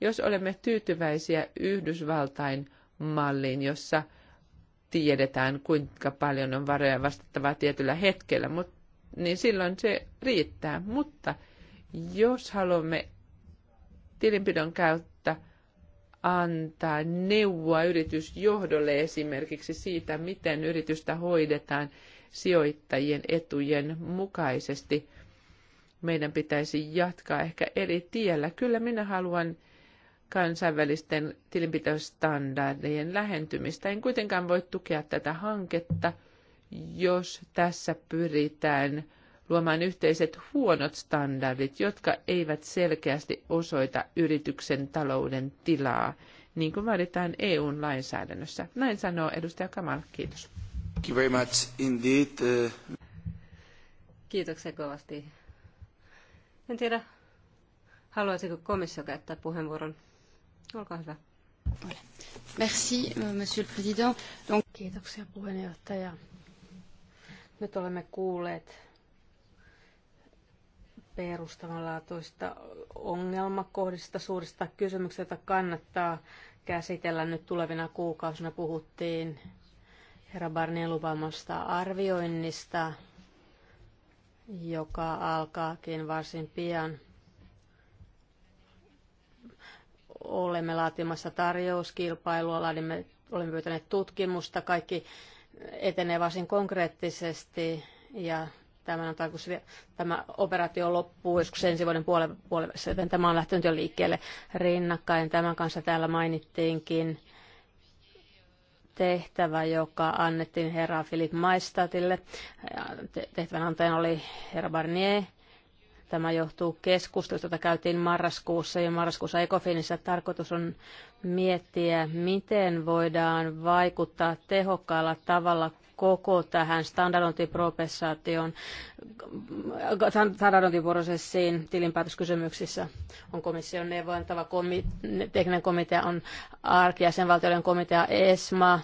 Jos olemme tyytyväisiä Yhdysvaltain malliin, jossa tiedetään, kuinka paljon on varoja vastattavaa tietyllä hetkellä, mutta, niin silloin se riittää. Mutta jos haluamme tilinpidon käyttää, antaa neuvoa yritysjohdolle esimerkiksi siitä, miten yritystä hoidetaan sijoittajien etujen mukaisesti. Meidän pitäisi jatkaa ehkä eri tiellä. Kyllä minä haluan kansainvälisten tilinpitostandardien lähentymistä. En kuitenkaan voi tukea tätä hanketta, jos tässä pyritään luomaan yhteiset huonot standardit, jotka eivät selkeästi osoita yrityksen talouden tilaa, niin kuin vaaditaan EUn lainsäädännössä. Näin sanoo edustaja Kamal. Kiitos. Thank you very much indeed. Uh, Kiitoksia kovasti. En tiedä, haluaisiko komissio käyttää puheenvuoron. Olkaa hyvä. Merci, euh, monsieur le président. Donc... Kiitoksia puheenjohtaja. Nyt olemme kuulleet perustavanlaatuista ongelmakohdista, suurista kysymyksistä, joita kannattaa käsitellä nyt tulevina kuukausina. Puhuttiin herra Barnien lupaamasta arvioinnista, joka alkaakin varsin pian. Olemme laatimassa tarjouskilpailua, laadimme, olemme pyytäneet tutkimusta. Kaikki etenee varsin konkreettisesti ja Tämän antaa, kun tämä operaatio loppuu joskus ensi vuoden puolessa, joten tämä on lähtenyt jo liikkeelle rinnakkain. Tämän kanssa täällä mainittiinkin tehtävä, joka annettiin herra Philip Maistatille. Tehtävän antajan oli herra Barnier. Tämä johtuu keskustelusta, jota käytiin marraskuussa ja marraskuussa Ecofinissa. Tarkoitus on miettiä, miten voidaan vaikuttaa tehokkaalla tavalla koko tähän standardointiprofessaatioon, standardointiprosessiin tilinpäätöskysymyksissä on komission neuvontava komi- tekninen komitea, on ARK, jäsenvaltioiden komitea ESMA,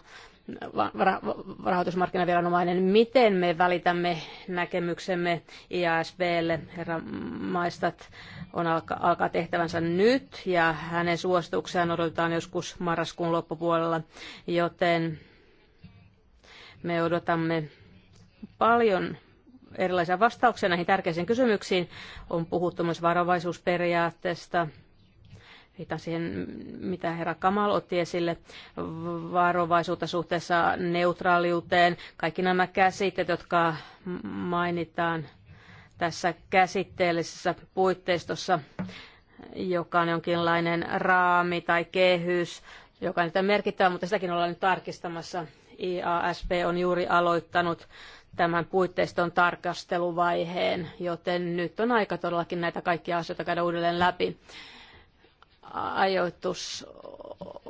rahoitusmarkkinaviranomainen, miten me välitämme näkemyksemme IASBlle. Herra Maistat on alka, alkaa tehtävänsä nyt ja hänen suosituksiaan odotetaan joskus marraskuun loppupuolella, joten me odotamme paljon erilaisia vastauksia näihin tärkeisiin kysymyksiin. On puhuttu myös varovaisuusperiaatteesta, viitan siihen, mitä herra Kamal otti esille, varovaisuutta suhteessa neutraaliuteen. Kaikki nämä käsitteet, jotka mainitaan tässä käsitteellisessä puitteistossa, joka on jonkinlainen raami tai kehys, joka on merkittävä, mutta sitäkin ollaan nyt tarkistamassa IASB on juuri aloittanut tämän puitteiston tarkasteluvaiheen, joten nyt on aika todellakin näitä kaikkia asioita käydä uudelleen läpi. Ajoitus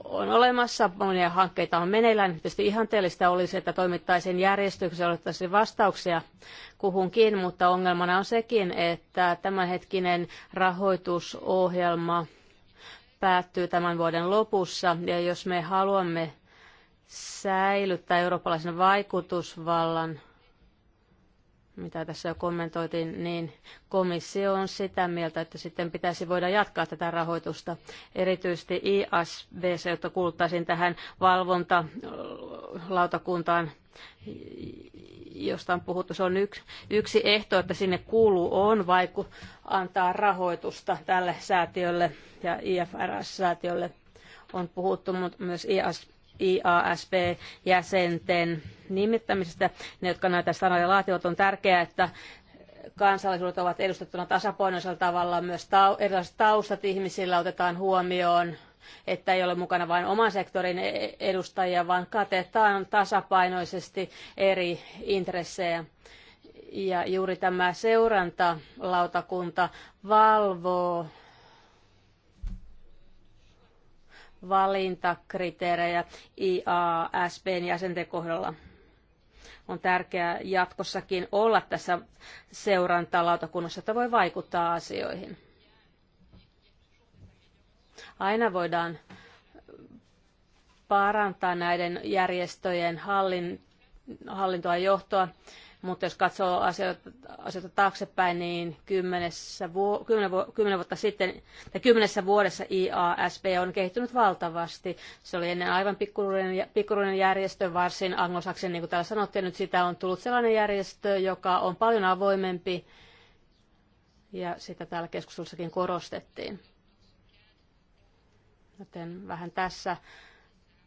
on olemassa, monia hankkeita on meneillään. Tietysti ihanteellista olisi, että toimittaisiin järjestyksessä, odottaisiin vastauksia kuhunkin, mutta ongelmana on sekin, että tämänhetkinen rahoitusohjelma päättyy tämän vuoden lopussa, ja jos me haluamme säilyttää eurooppalaisen vaikutusvallan, mitä tässä jo kommentoitiin, niin komissio on sitä mieltä, että sitten pitäisi voida jatkaa tätä rahoitusta, erityisesti ISBC, jotta kuuluttaisiin tähän valvontalautakuntaan, josta on puhuttu. Se on yksi, yksi ehto, että sinne kuuluu on vaiku antaa rahoitusta tälle säätiölle ja IFRS-säätiölle on puhuttu, mutta myös ISBC IASB-jäsenten nimittämisestä. Ne, jotka näitä sanoja laativat, on tärkeää, että kansallisuudet ovat edustettuna tasapainoisella tavalla. Myös tau- erilaiset taustat ihmisillä otetaan huomioon, että ei ole mukana vain oman sektorin e-, edustajia, vaan katetaan tasapainoisesti eri intressejä. Ja juuri tämä seurantalautakunta valvoo valintakriteerejä IASBn jäsenten kohdalla. On tärkeää jatkossakin olla tässä seurantalautakunnassa, että voi vaikuttaa asioihin. Aina voidaan parantaa näiden järjestöjen hallin, hallintoa ja johtoa. Mutta jos katsoo asioita, asioita taaksepäin, niin kymmenessä, vu- kymmenä vu- vuotta sitten, tai kymmenessä vuodessa IASB on kehittynyt valtavasti. Se oli ennen aivan pikkuruinen, pikkuruinen järjestö, varsin anglosaksen, niin kuin täällä sanottiin, nyt sitä on tullut sellainen järjestö, joka on paljon avoimempi, ja sitä täällä keskustelussakin korostettiin. Joten vähän tässä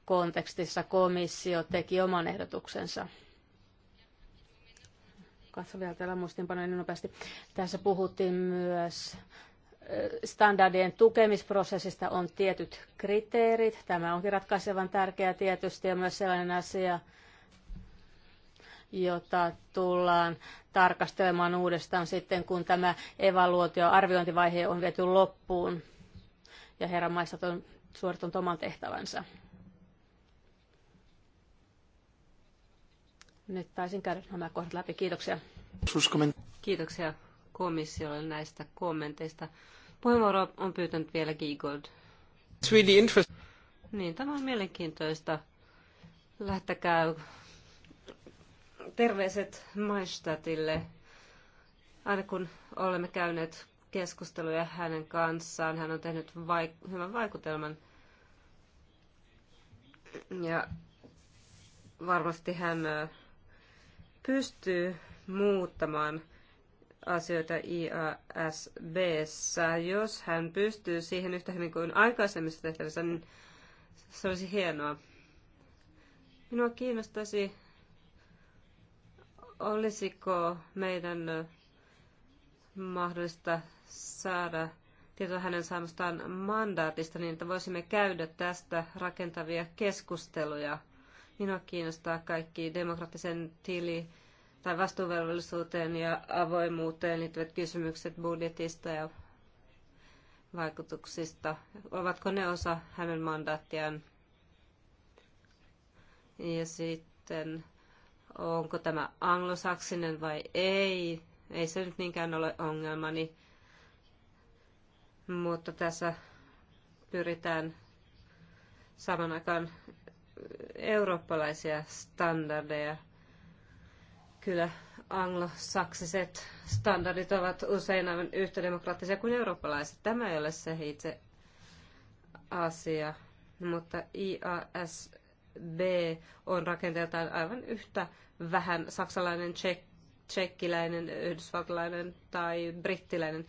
kontekstissa komissio teki oman ehdotuksensa. Katso vielä täällä muistinpanoja niin nopeasti. Tässä puhuttiin myös eh, standardien tukemisprosessista on tietyt kriteerit. Tämä onkin ratkaisevan tärkeä tietysti ja myös sellainen asia, jota tullaan tarkastelemaan uudestaan sitten, kun tämä evaluaatio arviointivaihe on viety loppuun ja herran maissa on suorittanut oman tehtävänsä. Nyt taisin käydä nämä kohdat läpi. Kiitoksia. Kiitoksia komissiolle näistä kommenteista. Puheenvuoro on pyytänyt vielä Giegold. really Niin, tämä on mielenkiintoista. Lähtäkää terveiset Maistatille. Aina kun olemme käyneet keskusteluja hänen kanssaan, hän on tehnyt vaik- hyvän vaikutelman. Ja varmasti hän pystyy muuttamaan asioita IASB, jos hän pystyy siihen yhtä hyvin kuin aikaisemmissa tehtävissä, niin se olisi hienoa. Minua kiinnostaisi, olisiko meidän mahdollista saada tietoa hänen saamastaan mandaatista niin, että voisimme käydä tästä rakentavia keskusteluja – Minua kiinnostaa kaikki demokraattisen tili- tai vastuuvelvollisuuteen ja avoimuuteen liittyvät kysymykset budjetista ja vaikutuksista. Ovatko ne osa hänen mandaattiaan? Ja sitten, onko tämä anglosaksinen vai ei? Ei se nyt niinkään ole ongelmani. Mutta tässä pyritään saman aikaan eurooppalaisia standardeja. Kyllä anglosaksiset standardit ovat usein aivan yhtä demokraattisia kuin eurooppalaiset. Tämä ei ole se itse asia, mutta IASB on rakenteeltaan aivan yhtä vähän saksalainen, tsek, tsekkiläinen, yhdysvaltalainen tai brittiläinen.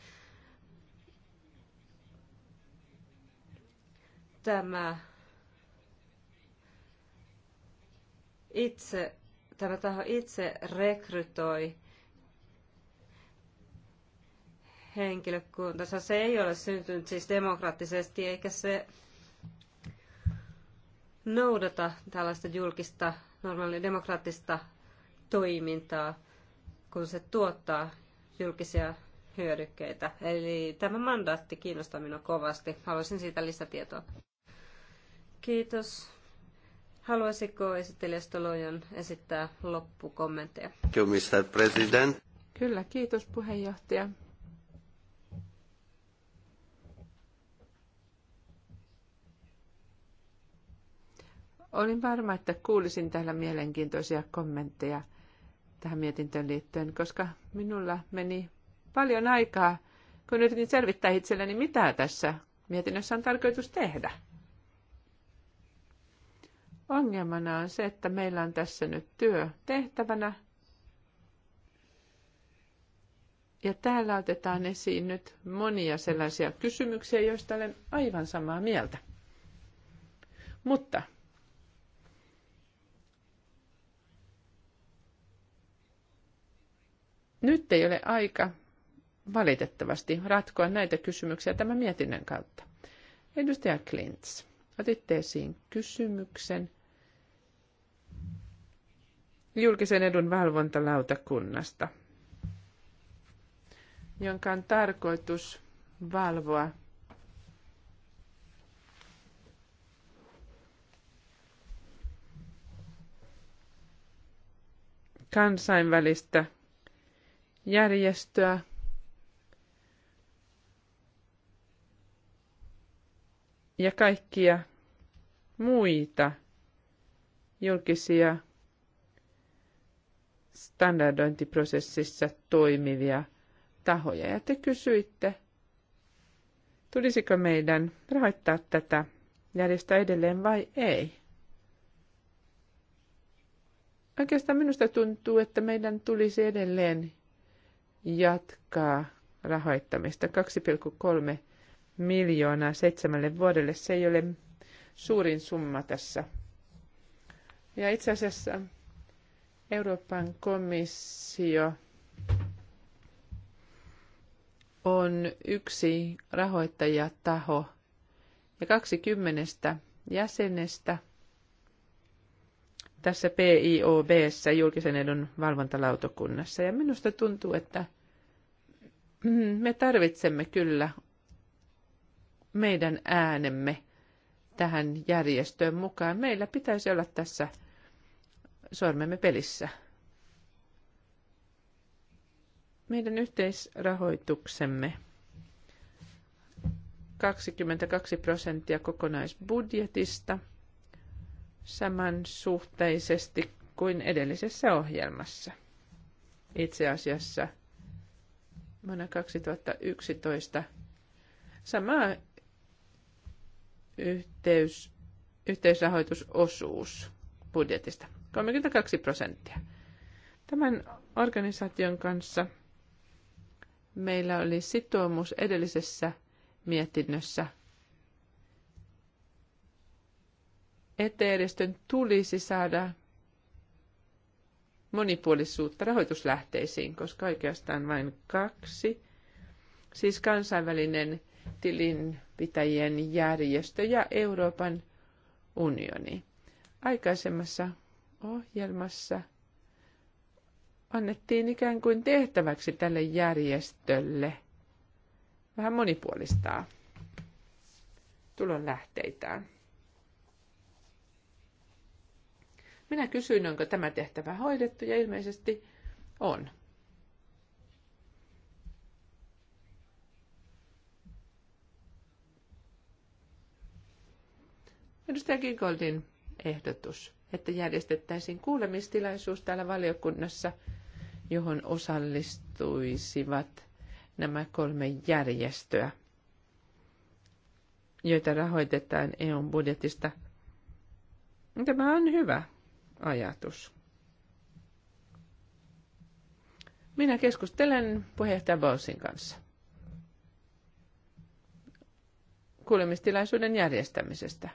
Tämä itse, tämä taho itse rekrytoi henkilökuntansa. Se ei ole syntynyt siis demokraattisesti, eikä se noudata tällaista julkista, normaalia demokraattista toimintaa, kun se tuottaa julkisia hyödykkeitä. Eli tämä mandaatti kiinnostaa minua kovasti. Haluaisin siitä lisätietoa. Kiitos. Haluaisiko esittelijä Stolojon esittää loppukommentteja? Mr. President. Kyllä, kiitos puheenjohtaja. Olin varma, että kuulisin täällä mielenkiintoisia kommentteja tähän mietintöön liittyen, koska minulla meni paljon aikaa, kun yritin selvittää itselleni, mitä tässä mietinnössä on tarkoitus tehdä. Ongelmana on se, että meillä on tässä nyt työ tehtävänä. Ja täällä otetaan esiin nyt monia sellaisia kysymyksiä, joista olen aivan samaa mieltä. Mutta nyt ei ole aika valitettavasti ratkoa näitä kysymyksiä tämän mietinnön kautta. Edustaja Klints. Otitte esiin kysymyksen julkisen edun valvontalautakunnasta, jonka on tarkoitus valvoa kansainvälistä järjestöä, ja kaikkia muita julkisia standardointiprosessissa toimivia tahoja. Ja te kysyitte, tulisiko meidän rahoittaa tätä järjestää edelleen vai ei. Oikeastaan minusta tuntuu, että meidän tulisi edelleen jatkaa rahoittamista miljoonaa seitsemälle vuodelle. Se ei ole suurin summa tässä. Ja itse asiassa Euroopan komissio on yksi rahoittajataho ja 20 jäsenestä tässä PIOB, julkisen edun valvontalautakunnassa. Ja minusta tuntuu, että me tarvitsemme kyllä meidän äänemme tähän järjestöön mukaan. Meillä pitäisi olla tässä sormemme pelissä. Meidän yhteisrahoituksemme 22 prosenttia kokonaisbudjetista samansuhteisesti kuin edellisessä ohjelmassa. Itse asiassa vuonna 2011 samaa yhteys, yhteisrahoitusosuus budjetista, 32 prosenttia. Tämän organisaation kanssa meillä oli sitoumus edellisessä mietinnössä, että järjestön tulisi saada monipuolisuutta rahoituslähteisiin, koska oikeastaan vain kaksi, siis kansainvälinen tilin pitäjien järjestö ja Euroopan unioni. Aikaisemmassa ohjelmassa annettiin ikään kuin tehtäväksi tälle järjestölle vähän monipuolistaa tulonlähteitään. Minä kysyin, onko tämä tehtävä hoidettu ja ilmeisesti on. Edustaja Kinkoldin ehdotus, että järjestettäisiin kuulemistilaisuus täällä valiokunnassa, johon osallistuisivat nämä kolme järjestöä, joita rahoitetaan EUn budjetista. Tämä on hyvä ajatus. Minä keskustelen puheenjohtaja Bausin kanssa kuulemistilaisuuden järjestämisestä.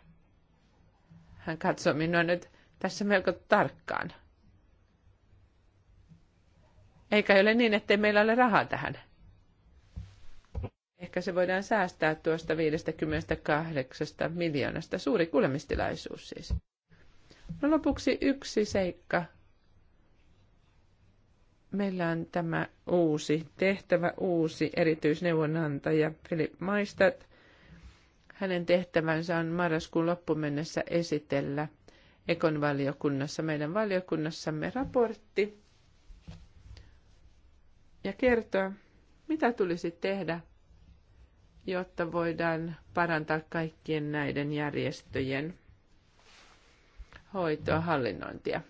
Hän katsoo minua nyt tässä melko tarkkaan. Eikä ole niin, ettei meillä ole rahaa tähän. Ehkä se voidaan säästää tuosta 58 miljoonasta. Suuri kuulemistilaisuus siis. No lopuksi yksi seikka. Meillä on tämä uusi tehtävä, uusi erityisneuvonantaja Philip Maistat. Hänen tehtävänsä on marraskuun loppuun mennessä esitellä Ekon valiokunnassa, meidän valiokunnassamme raportti ja kertoa, mitä tulisi tehdä, jotta voidaan parantaa kaikkien näiden järjestöjen hoitoa hallinnointia.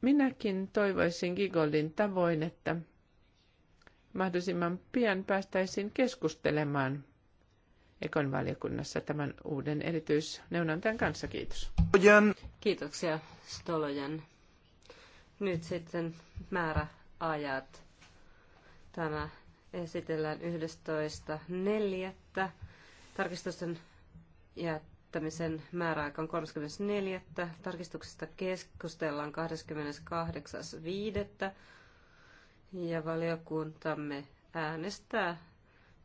Minäkin toivoisin Gigoldin tavoin, että mahdollisimman pian päästäisiin keskustelemaan Ekon valiokunnassa tämän uuden erityisneuvonantajan kanssa. Kiitos. Kiitoksia Stolojan. Nyt sitten määrä ajat Tämä esitellään 11.4. Tarkistusten jättämisen määräaika on 34. Tarkistuksista keskustellaan 28.5. Ja valiokuntamme äänestää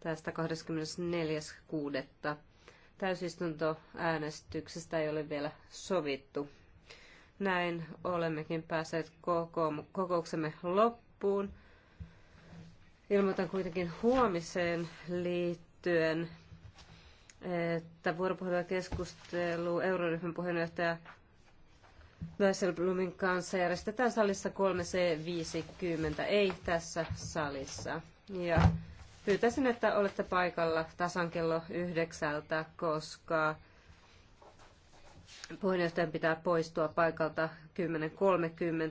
tästä 24.6. Täysistuntoäänestyksestä ei ole vielä sovittu. Näin olemmekin päässeet kokouksemme loppuun. Ilmoitan kuitenkin huomiseen liittyen, että vuoropuhelua keskustelu euroryhmän puheenjohtaja Dyselblumin kanssa järjestetään salissa 3C50, ei tässä salissa. Ja Pyytäisin, että olette paikalla tasan kello yhdeksältä, koska puheenjohtajan pitää poistua paikalta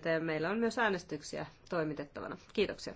10.30 ja meillä on myös äänestyksiä toimitettavana. Kiitoksia.